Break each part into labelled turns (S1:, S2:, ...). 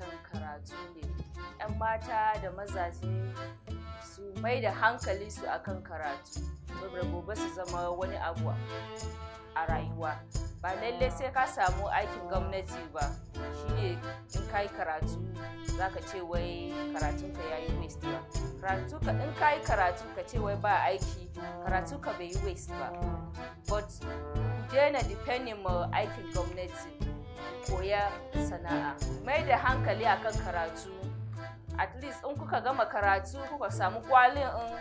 S1: kan karatu ne 'yan mata da mazaje su mai da hankali su akan karatu saboda gobe su zama wani abu a rayuwa ba lalle sai ka samu aikin gwamnati ba shine in ka yi karatu za ka ce wai karatunka ya yi waste ba karatu ka in ka yi karatu ka ce wai ba aiki karatu ka bai yi waste ba but ku daina depending ma aikin gwamnati koya sana'a mai da hankali akan karatu at least in kuka gama karatu kuka samu kwalin in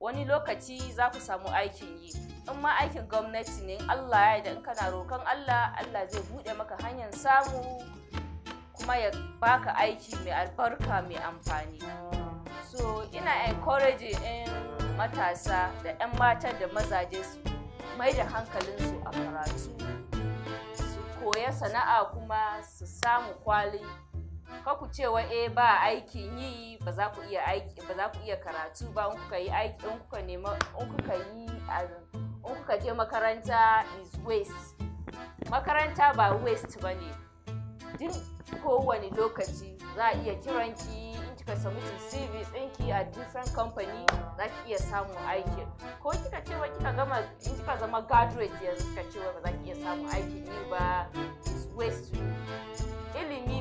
S1: wani lokaci za ku samu aikin yi in ma aikin gwamnati ne allah ya da in kana rokan allah allah zai buɗe maka hanyar samu kuma ya baka aiki mai albarka mai amfani so ina encouraging in matasa da 'yan mata da mazaje su mai da hankalinsu a karatu koya sana'a kuma su samu kwali ka ku ce wa eh ba aikin yi ba za ku iya aiki ba za ku iya karatu ba in kuka yi aiki in kuka nema in kuka yi um, in kuka je makaranta is waste makaranta ba waste bane duk kowane lokaci za a iya kiran ki, in kika samu CV ɗinki a different company za ki iya samun aikin ko kika ce kika gama in kika zama graduate yanzu kika ce ba za ki iya samun aiki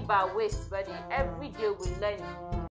S1: by our waste, buddy. Every day we learn.